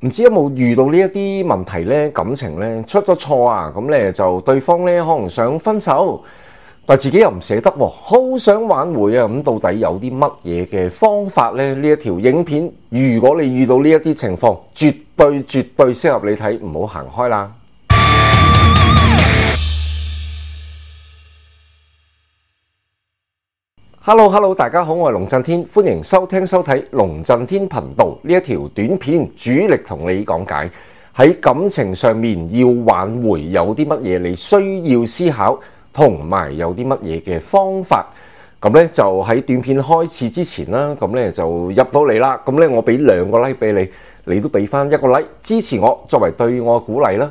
唔知道有冇遇到呢一啲問題呢，感情呢出咗錯啊，咁呢就對方呢可能想分手，但自己又唔捨得，好想挽回啊。咁到底有啲乜嘢嘅方法呢？呢一條影片，如果你遇到呢一啲情況，絕對絕對適合你睇，唔好行開啦。Hello，Hello，Hello，大家好，我係龍震天，歡迎收聽收睇龍震天頻道呢一條短片，主力同你講解喺感情上面要挽回有啲乜嘢，你需要思考同埋有啲乜嘢嘅方法。咁呢就喺短片開始之前啦，咁呢就入到嚟啦。咁呢我俾兩個 like 俾你，你都俾翻一個 like 支持我，作為對我嘅鼓勵啦。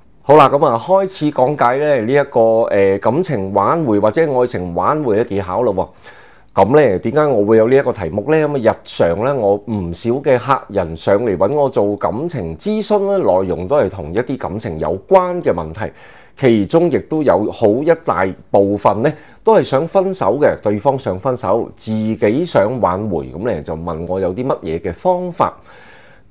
好啦，咁啊，開始講解咧呢一個誒感情挽回或者愛情挽回嘅技巧咯。咁呢，點解我會有呢一個題目呢？咁啊，日常呢，我唔少嘅客人上嚟揾我做感情諮詢咧，內容都係同一啲感情有關嘅問題，其中亦都有好一大部分呢都係想分手嘅，對方想分手，自己想挽回，咁呢，就問我有啲乜嘢嘅方法。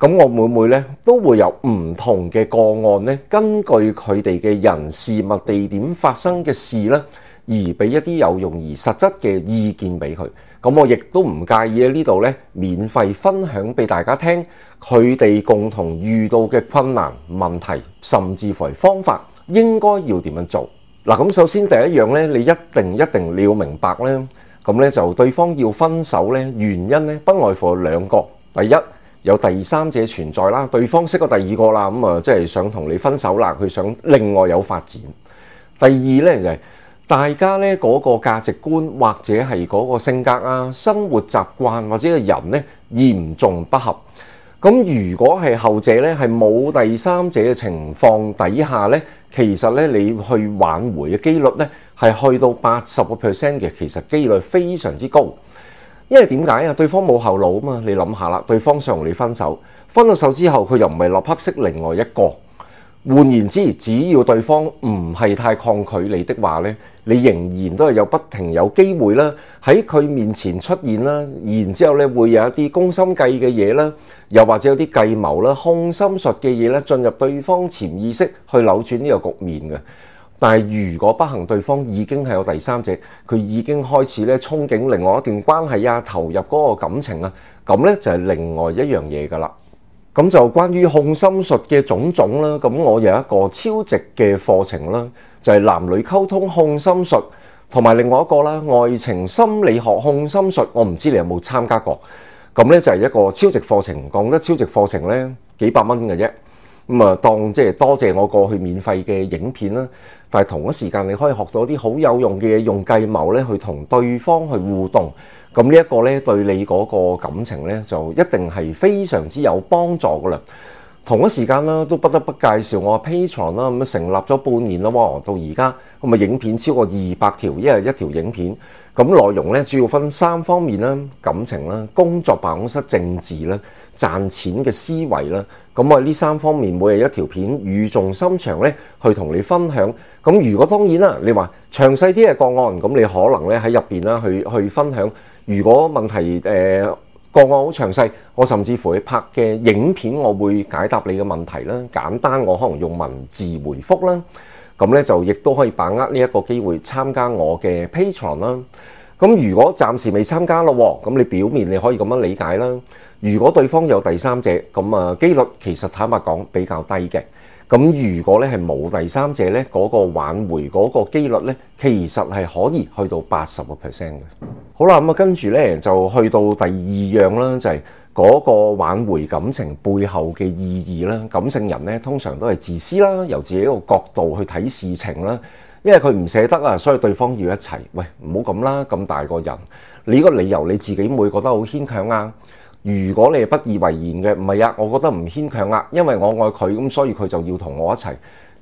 咁我每每呢，都會有唔同嘅個案呢，根據佢哋嘅人事物地點發生嘅事呢，而俾一啲有用而實質嘅意見俾佢。咁我亦都唔介意喺呢度呢，免費分享俾大家聽，佢哋共同遇到嘅困難、問題，甚至乎係方法，應該要點樣做。嗱，咁首先，第一樣呢，你一定一定要明白呢，咁呢，就對方要分手呢，原因呢，不外乎兩個，第一。有第三者存在啦，對方識過第二個啦，咁啊，即係想同你分手啦，佢想另外有發展。第二呢，就係大家呢嗰個價值觀或者係嗰個性格啊、生活習慣或者係人呢，嚴重不合。咁如果係後者呢，係冇第三者嘅情況底下呢，其實呢，你去挽回嘅機率呢，係去到八十個 percent 嘅，其實機率非常之高。因為點解啊？對方冇後路啊嘛，你諗下啦。對方想同你分手，分咗手之後，佢又唔係立刻識另外一個。換言之，只要對方唔係太抗拒你的話呢，你仍然都係有不停有機會啦，喺佢面前出現啦。然之後呢，會有一啲攻心計嘅嘢啦，又或者有啲計謀啦、控心術嘅嘢呢，進入對方潛意識去扭轉呢個局面嘅。但係如果不幸對方已經係有第三者，佢已經開始咧憧憬另外一段關係啊，投入嗰個感情啊，咁呢就係另外一樣嘢㗎啦。咁就關於控心術嘅種種啦，咁我有一個超值嘅課程啦，就係男女溝通控心術，同埋另外一個啦，愛情心理學控心術。我唔知你有冇參加過，咁呢就係一個超值課程，講得超值課程呢，幾百蚊嘅啫。咁啊，當即係多謝我過去免費嘅影片啦，但係同一時間你可以學到啲好有用嘅嘢，用計謀咧去同對方去互動，咁呢一個咧對你嗰個感情咧就一定係非常之有幫助㗎喇。同一時間啦，都不得不介紹我 Patreon 啦，咁成立咗半年啦，到而家，咁啊影片超過二百條，一日一條影片，咁內容呢，主要分三方面啦，感情啦、工作辦公室、政治啦、賺錢嘅思維啦，咁啊呢三方面每日一條片語重心長呢去同你分享。咁如果當然啦，你話詳細啲嘅個案，咁你可能呢喺入邊啦去去分享。如果問題誒？呃個案好詳細，我甚至乎你拍嘅影片，我會解答你嘅問題啦。簡單，我可能用文字回覆啦。咁呢，就亦都可以把握呢一個機會參加我嘅 Patreon 啦。咁如果暫時未參加咯，咁你表面你可以咁樣理解啦。如果對方有第三者，咁啊機率其實坦白講比較低嘅。咁如果咧係冇第三者咧，嗰、嗰個挽回嗰個機率咧，其實係可以去到八十個 percent 嘅。好啦，咁啊跟住咧就去到第二樣啦，就係、係、嗰個挽回感情背後嘅意義啦。感性人咧通常都係自私啦，由自己個角度去睇事情啦，因為佢唔捨得啊，所以對方要一齊。喂，唔好咁啦，咁大個人，你個理由你自己會覺得好牽強啊。如果你係不以為然嘅，唔係啊，我覺得唔牽強啊，因為我愛佢，咁所以佢就要同我一齊。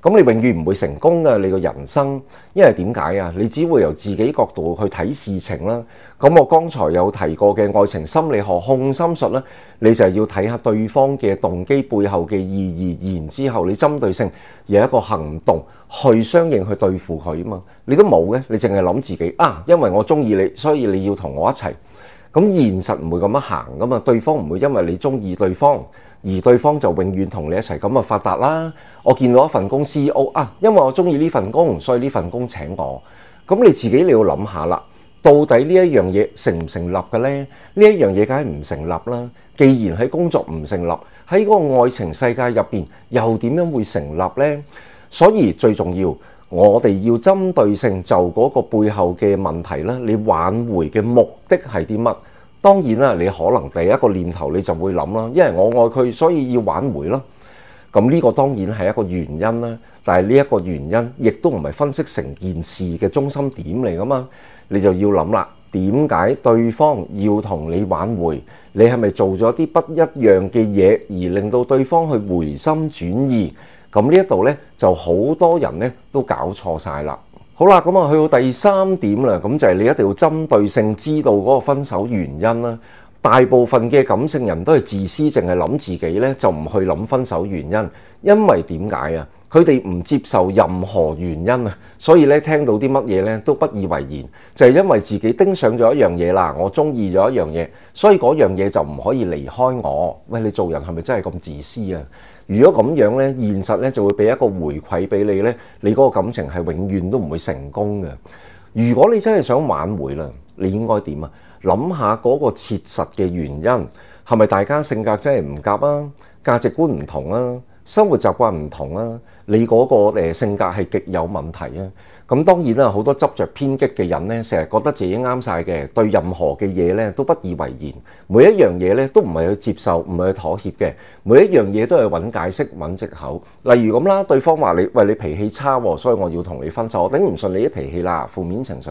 咁你永遠唔會成功嘅，你個人生，因為點解啊？你只會由自己角度去睇事情啦。咁我剛才有提過嘅愛情心理學控心術呢，你就係要睇下對方嘅動機背後嘅意義，然之後你針對性有一個行動去相應去對付佢啊嘛。你都冇嘅，你淨係諗自己啊，因為我中意你，所以你要同我一齊。咁現實唔會咁樣行，咁啊對方唔會因為你中意對方，而對方就永遠同你一齊咁啊發達啦。我見到一份公司啊，因為我中意呢份工，所以呢份工請我。咁你自己你要諗下啦，到底呢一樣嘢成唔成立嘅呢？呢一樣嘢梗係唔成立啦。既然喺工作唔成立，喺嗰個愛情世界入邊又點樣會成立呢？所以最重要，我哋要針對性就嗰個背後嘅問題啦。你挽回嘅目的係啲乜？當然啦，你可能第一個念頭你就會諗啦，因為我愛佢，所以要挽回咯。咁呢個當然係一個原因啦，但係呢一個原因亦都唔係分析成件事嘅中心點嚟㗎嘛。你就要諗啦，點解對方要同你挽回？你係咪做咗啲不一樣嘅嘢，而令到對方去回心轉意？咁呢一度呢，就好多人呢都搞錯晒啦。好啦，咁啊，去到第三點啦，咁就係你一定要針對性知道嗰個分手原因啦。大部分嘅感性人都係自私，淨係諗自己呢就唔去諗分手原因。因為點解啊？佢哋唔接受任何原因啊，所以呢，聽到啲乜嘢呢都不以為然，就係因為自己盯上咗一樣嘢啦，我中意咗一樣嘢，所以嗰樣嘢就唔可以離開我。喂，你做人係咪真係咁自私啊？如果咁樣呢，現實呢就會俾一個回饋俾你呢。你嗰個感情係永遠都唔會成功嘅。如果你真係想挽回啦，你應該點啊？諗下嗰個切實嘅原因，係咪大家性格真係唔夾啊，價值觀唔同啊？生活習慣唔同啦，你嗰個誒性格係極有問題啊！咁當然啦，好多執着偏激嘅人呢，成日覺得自己啱晒嘅，對任何嘅嘢呢都不以為然，每一樣嘢呢都唔係去接受，唔係去妥協嘅，每一樣嘢都係揾解釋、揾藉口。例如咁啦，對方話你喂，你脾氣差，所以我要同你分手，我頂唔順你啲脾氣啦，負面情緒。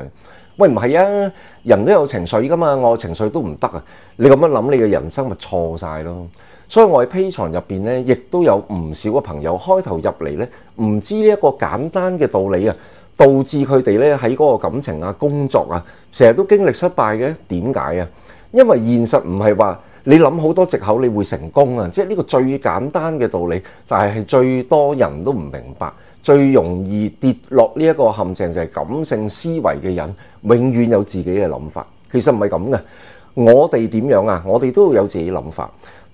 喂，唔係啊，人都有情緒噶嘛，我情緒都唔得啊！你咁樣諗，你嘅人生咪錯晒咯～所以我喺 Patreon 入邊咧，亦都有唔少嘅朋友開頭入嚟咧，唔知呢一個簡單嘅道理啊，導致佢哋咧喺嗰個感情啊、工作啊，成日都經歷失敗嘅。點解啊？因為現實唔係話你諗好多藉口，你會成功啊！即係呢個最簡單嘅道理，但係最多人都唔明白，最容易跌落呢一個陷阱就係感性思維嘅人，永遠有自己嘅諗法。其實唔係咁嘅，我哋點樣啊？我哋都有自己諗法。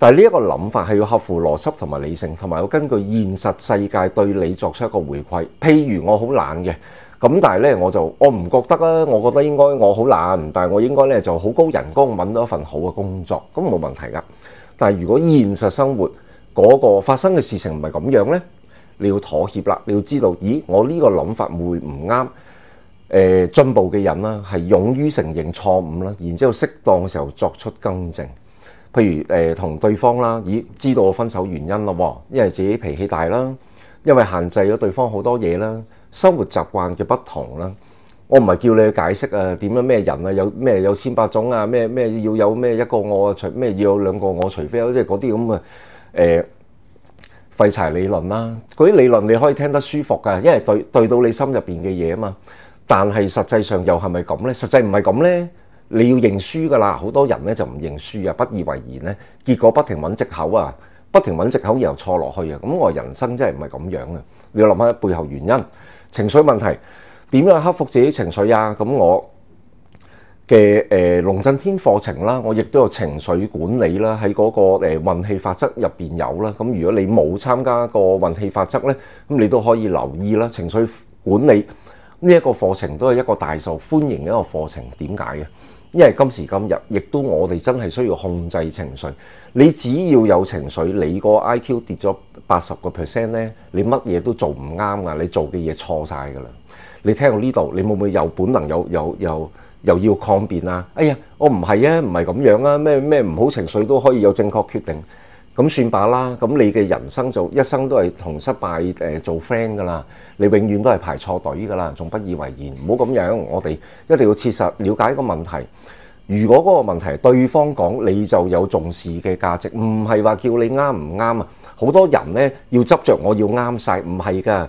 但係呢一個諗法係要合乎邏輯同埋理性，同埋要根據現實世界對你作出一個回饋。譬如我好懶嘅，咁但係呢，我就我唔覺得啦，我覺得應該我好懶，但係我應該呢就好高人工揾到一份好嘅工作，咁冇問題㗎。但係如果現實生活嗰個發生嘅事情唔係咁樣呢，你要妥協啦，你要知道，咦，我呢個諗法會唔啱？誒、呃，進步嘅人啦，係勇於承認錯誤啦，然之後適當嘅時候作出更正。譬如誒、呃、同對方啦，已知道我分手原因咯，因為自己脾氣大啦，因為限制咗對方好多嘢啦，生活習慣嘅不同啦，我唔係叫你去解釋啊，點樣咩人啊，有咩有千百種啊，咩咩要有咩一個我除咩要有兩個我，除非有即係嗰啲咁嘅誒廢柴理論啦、啊，嗰啲理論你可以聽得舒服㗎，因為對對到你心入邊嘅嘢啊嘛，但係實際上又係咪咁呢？實際唔係咁呢。你要認輸噶啦，好多人咧就唔認輸啊，不以為然呢。結果不停揾藉口啊，不停揾藉口然後錯落去啊。咁我人生真係唔係咁樣啊。你要諗下背後原因，情緒問題點樣克服自己情緒啊？咁我嘅誒、呃、龍震天課程啦，我亦都有情緒管理啦，喺嗰個誒運氣法則入邊有啦。咁如果你冇參加過運氣法則呢，咁你都可以留意啦。情緒管理呢一、呢個課程都係一個大受歡迎嘅一個課程，點解嘅？因為今時今日，亦都我哋真係需要控制情緒。你只要有情緒，你個 IQ 跌咗八十個 percent 咧，你乜嘢都做唔啱㗎，你做嘅嘢錯晒㗎喇。你聽到呢度，你會唔會有，有本能又又又又要抗辯啊？哎呀，我唔係啊，唔係咁樣啊，咩咩唔好情緒都可以有正確決定。咁算吧啦，咁你嘅人生就一生都係同失敗誒做 friend 噶啦，你永遠都係排錯隊噶啦，仲不以為然，唔好咁樣。我哋一定要切實了解一個問題。如果嗰個問題對方講，你就有重視嘅價值，唔係話叫你啱唔啱啊？好多人呢，要執着「我要啱晒」，唔係噶。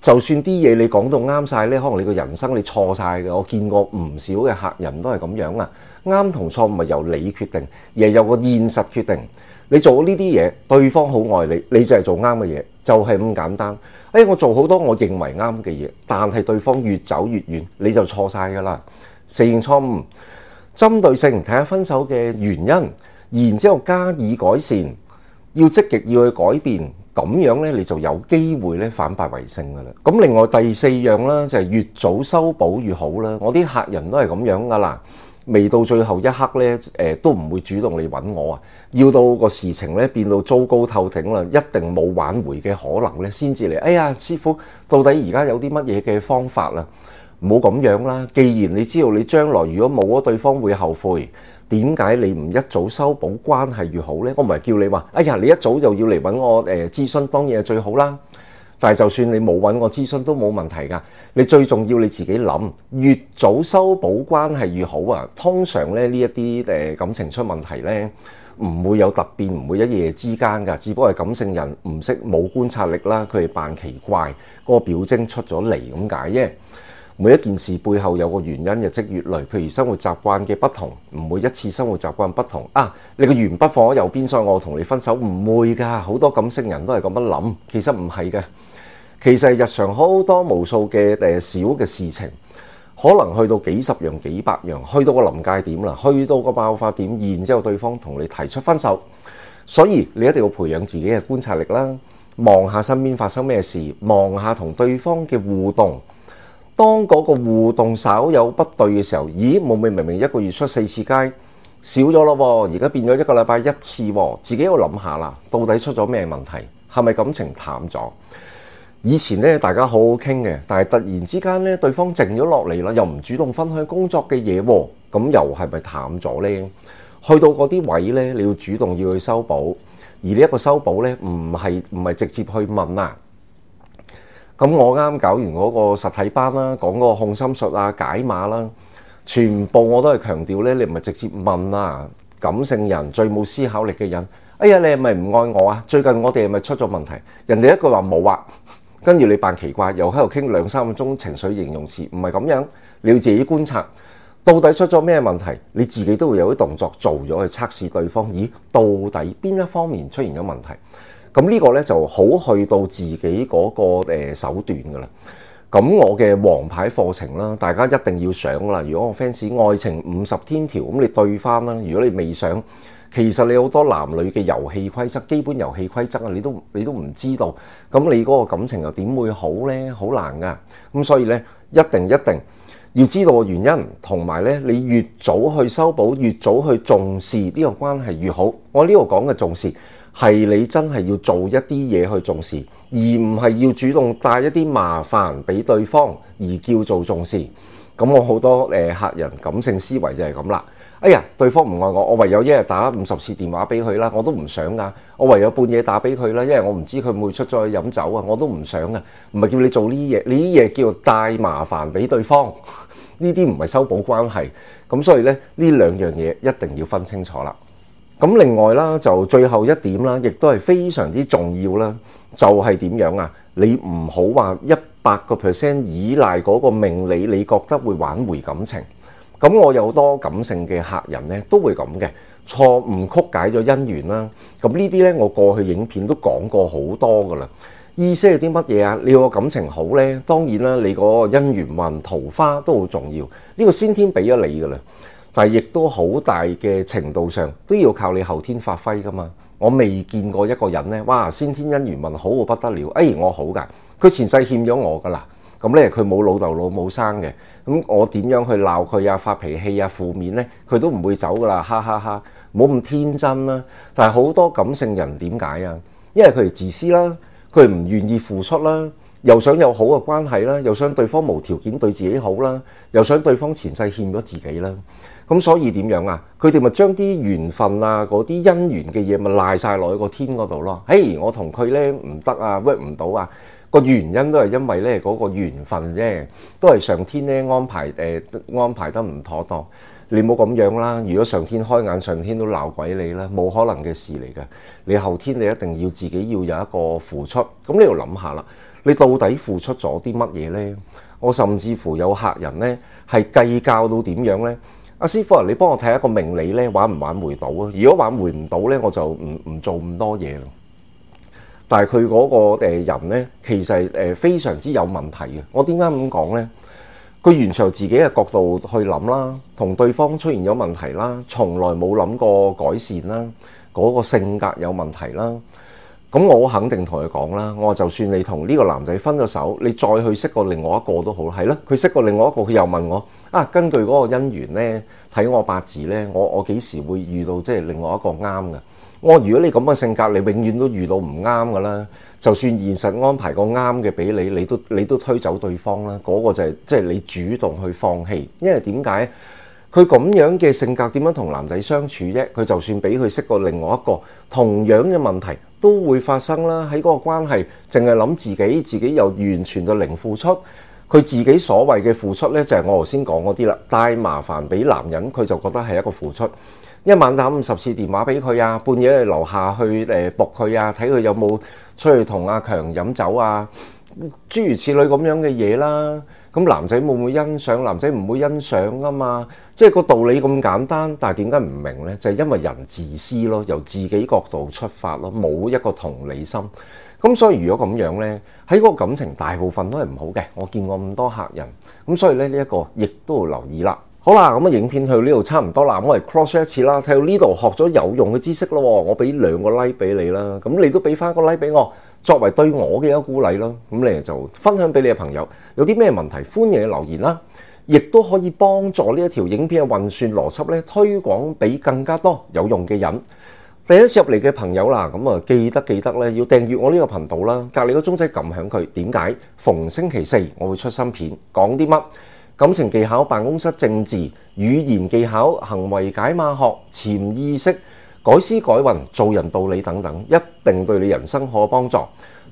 就算啲嘢你講到啱晒呢，可能你個人生你錯晒嘅。我見過唔少嘅客人都係咁樣啊。啱同錯唔係由你決定，而係有個現實決定。你做呢啲嘢，對方好愛你，你就係做啱嘅嘢，就係咁簡單。哎，我做好多我認為啱嘅嘢，但係對方越走越遠，你就錯晒㗎啦。四樣錯誤，針對性睇下分手嘅原因，然之後加以改善，要積極要去改變，咁樣呢，你就有機會呢反敗為勝㗎啦。咁另外第四樣啦，就係越早修補越好啦。我啲客人都係咁樣㗎啦。未到最後一刻呢，誒都唔會主動嚟揾我啊！要到個事情呢變到糟糕透頂啦，一定冇挽回嘅可能呢先至嚟。哎呀，師傅，到底而家有啲乜嘢嘅方法啊？唔好咁樣啦，既然你知道你將來如果冇咗對方會後悔，點解你唔一早修補關係越好呢？我唔係叫你話，哎呀，你一早就要嚟揾我誒諮詢，當然係最好啦。但係就算你冇揾我諮詢都冇問題㗎。你最重要你自己諗，越早修補關係越好啊。通常咧呢一啲誒感情出問題呢，唔會有突變，唔會一夜之間㗎。只不過係感性人唔識冇觀察力啦，佢係扮奇怪，嗰個表徵出咗嚟咁解啫。每一件事背後有個原因，日積月累，譬如生活習慣嘅不同，唔會一次生活習慣不同啊。你個鉛筆放喺右邊，所以我同你分手，唔會㗎。好多感性人都係咁樣諗，其實唔係嘅。其實日常好多無數嘅誒小嘅事情，可能去到幾十樣、幾百樣，去到個臨界點啦，去到個爆發點，然之後對方同你提出分手，所以你一定要培養自己嘅觀察力啦，望下身邊發生咩事，望下同對方嘅互動。當嗰個互動稍有不對嘅時候，咦，冇明明一個月出四次街，少咗咯喎，而家變咗一個禮拜一次，自己要諗下啦，到底出咗咩問題？係咪感情淡咗？以前咧大家好好傾嘅，但係突然之間咧對方靜咗落嚟啦，又唔主動分享工作嘅嘢喎，咁又係咪淡咗呢？去到嗰啲位呢，你要主動要去修補，而呢一個修補呢，唔係唔係直接去問啊。咁我啱搞完嗰個實體班啦，講嗰個控心術啊、解碼啦，全部我都係強調呢，你唔係直接問啊，感性人最冇思考力嘅人，哎呀，你係咪唔愛我啊？最近我哋係咪出咗問題？人哋一句話冇啊！跟住你扮奇怪，又喺度傾兩三個鐘情緒形容詞，唔係咁樣，你要自己觀察，到底出咗咩問題，你自己都會有啲動作做咗去測試對方，咦，到底邊一方面出現咗問題？咁呢個呢，就好去到自己嗰個手段噶啦。咁我嘅王牌課程啦，大家一定要上噶啦。如果我 fans 愛情五十天條，咁你對翻啦。如果你未上，其實你好多男女嘅遊戲規則，基本遊戲規則啊，你都你都唔知道，咁你嗰個感情又點會好呢？好難噶，咁所以呢，一定一定要知道個原因，同埋呢，你越早去修補，越早去重視呢個關係越好。我呢度講嘅重視係你真係要做一啲嘢去重視，而唔係要主動帶一啲麻煩俾對方，而叫做重視。咁我好多客人感性思維就係咁啦。哎呀，對方唔愛我，我唯有一日打五十次電話俾佢啦，我都唔想噶。我唯有半夜打俾佢啦，因為我唔知佢會唔會出咗去飲酒啊，我都唔想噶。唔係叫你做呢啲嘢，你呢啲嘢叫做帶麻煩俾對方。呢啲唔係修補關係，咁所以咧，呢兩樣嘢一定要分清楚啦。咁另外啦，就最後一點啦，亦都係非常之重要啦，就係點樣啊？你唔好話一百個 percent 依賴嗰個命理，你覺得會挽回感情。咁我有多感性嘅客人呢，都會咁嘅錯誤曲解咗姻緣啦。咁呢啲呢，我過去影片都講過好多噶啦。意思係啲乜嘢啊？你個感情好呢？當然啦，你個姻緣運桃花都好重要。呢個先天俾咗你噶啦，但係亦都好大嘅程度上都要靠你後天發揮噶嘛。我未見過一個人呢，「哇！先天姻緣運好到不得了，哎！我好㗎，佢前世欠咗我噶啦。咁咧，佢冇老豆老母生嘅，咁我點樣去鬧佢啊、發脾氣啊、負面呢？佢都唔會走噶啦，哈哈哈！冇咁天真啦，但係好多感性人點解啊？因為佢哋自私啦，佢唔願意付出啦，又想有好嘅關係啦，又想對方無條件對自己好啦，又想對方前世欠咗自己啦，咁所以點樣啊？佢哋咪將啲緣分啊、嗰啲姻緣嘅嘢咪賴晒落去個天嗰度咯？誒，我同佢呢，唔得啊，work 唔到啊！個原因都係因為呢嗰個緣分啫，都係上天呢安排誒、呃、安排得唔妥當。你冇咁樣啦，如果上天開眼，上天都鬧鬼你啦，冇可能嘅事嚟嘅。你後天你一定要自己要有一個付出。咁你要諗下啦，你到底付出咗啲乜嘢呢？我甚至乎有客人呢係計較到點樣呢？阿師傅，你幫我睇一個命理呢，挽唔挽回到啊？如果挽回唔到呢，我就唔唔做咁多嘢啦。但係佢嗰個人呢，其實係非常之有問題嘅。我點解咁講呢？佢完全由自己嘅角度去諗啦，同對方出現咗問題啦，從來冇諗過改善啦，嗰個性格有問題啦。咁我肯定同佢講啦，我就算你同呢個男仔分咗手，你再去識過另外一個都好，係啦。佢識過另外一個，佢又問我啊，根據嗰個姻緣呢，睇我八字呢，我我幾時會遇到即係另外一個啱嘅？我如果你咁嘅性格，你永遠都遇到唔啱㗎啦。就算現實安排個啱嘅俾你，你都你都推走對方啦。嗰個就係即係你主動去放棄，因為點解？佢咁樣嘅性格點樣同男仔相處啫？佢就算俾佢識過另外一個同樣嘅問題都會發生啦。喺嗰個關係，淨係諗自己，自己又完全就零付出。佢自己所謂嘅付出呢，就係我頭先講嗰啲啦，帶麻煩俾男人，佢就覺得係一個付出。一晚打五十次電話俾佢啊！半夜嚟樓下去誒僕佢啊！睇佢有冇出去同阿強飲酒啊？諸如此類咁樣嘅嘢啦。咁男仔會唔會欣賞？男仔唔會欣賞噶嘛。即係個道理咁簡單，但係點解唔明呢？就係因為人自私咯，由自己角度出發咯，冇一個同理心。咁所以如果咁樣呢，喺個感情大部分都係唔好嘅。我見過咁多客人，咁所以呢一個亦都要留意啦。好啦，咁啊影片去呢度差唔多啦，我哋 close 一次啦。睇到呢度學咗有用嘅知識咯，我俾兩個 like 俾你啦。咁你都俾翻個 like 俾我，作為對我嘅一個鼓勵啦。咁你就分享俾你嘅朋友，有啲咩問題歡迎留言啦。亦都可以幫助呢一條影片嘅運算邏輯咧，推廣俾更加多有用嘅人。第一次入嚟嘅朋友啦，咁啊記得記得咧要訂閱我呢個頻道啦。隔離個鐘仔撳響佢，點解逢星期四我會出新片？講啲乜？感情技巧、辦公室政治、語言技巧、行為解碼學、潛意識、改思改運、做人道理等等，一定對你人生好有幫助。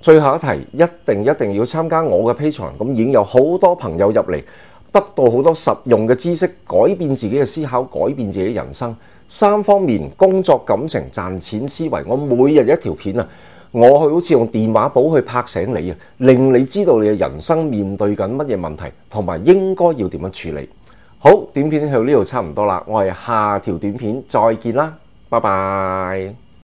最後一題一定一定要參加我嘅 Patreon，咁已經有好多朋友入嚟，得到好多實用嘅知識，改變自己嘅思考，改變自己人生。三方面工作、感情、賺錢、思維，我每日一條片啊！我去好似用電話簿去拍醒你啊，令你知道你嘅人生面對緊乜嘢問題，同埋應該要點樣處理。好，短片去到呢度差唔多啦，我哋下條短片再見啦，拜拜。